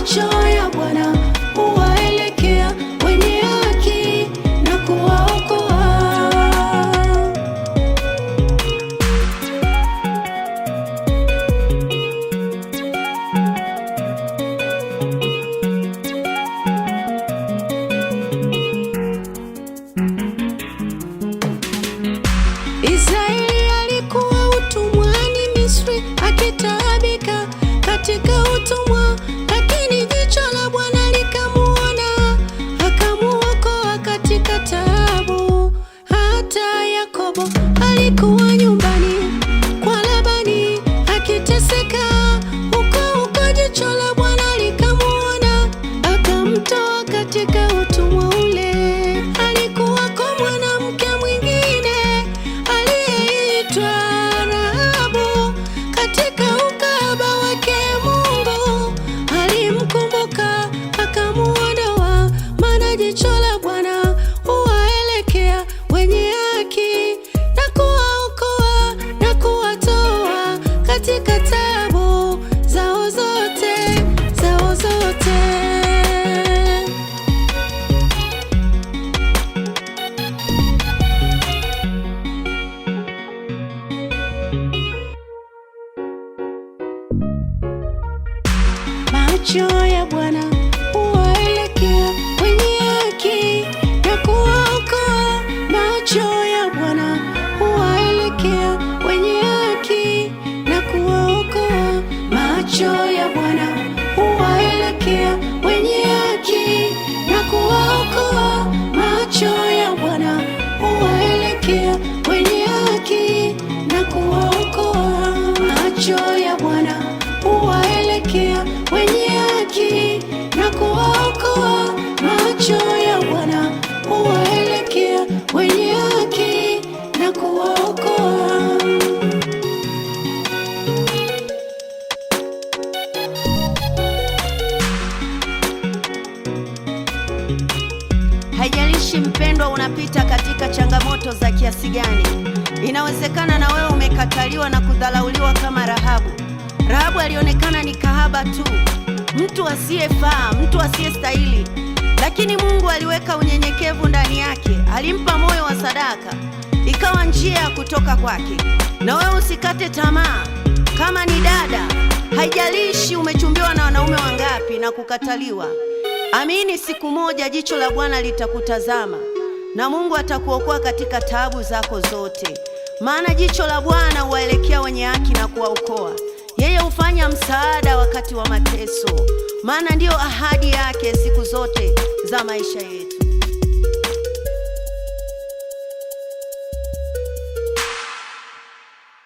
macho ya Bwana huwaelekea wenye haki na kuwaokoa. Israeli alikuwa utumwani Misri, akitaabika katika utumwa katika utumwa macho ya Bwana huwaelekea wenye haki na kuwaokoa. Macho ya Bwana huwaelekea wenye haki na kuwaokoa. Macho ya Bwana huwaelekea wenye haki na kuwaokoa. Macho ya Bwana huwaelekea wenye haki na kuwaokoa. Macho mpendwa, unapita katika changamoto za kiasi gani? Inawezekana na wewe umekataliwa na kudhalauliwa kama Rahabu. Rahabu alionekana ni kahaba tu, mtu asiyefaa, mtu asiyestahili, lakini Mungu aliweka unyenyekevu ndani yake, alimpa moyo wa sadaka, ikawa njia ya kutoka kwake. Na wewe usikate tamaa, kama ni dada, haijalishi umechumbiwa na wanaume wangapi na kukataliwa Amini siku moja jicho la Bwana litakutazama na Mungu atakuokoa katika taabu zako zote, maana jicho la Bwana huwaelekea wenye haki na kuwaokoa. Yeye hufanya msaada wakati wa mateso, maana ndiyo ahadi yake siku zote za maisha yetu.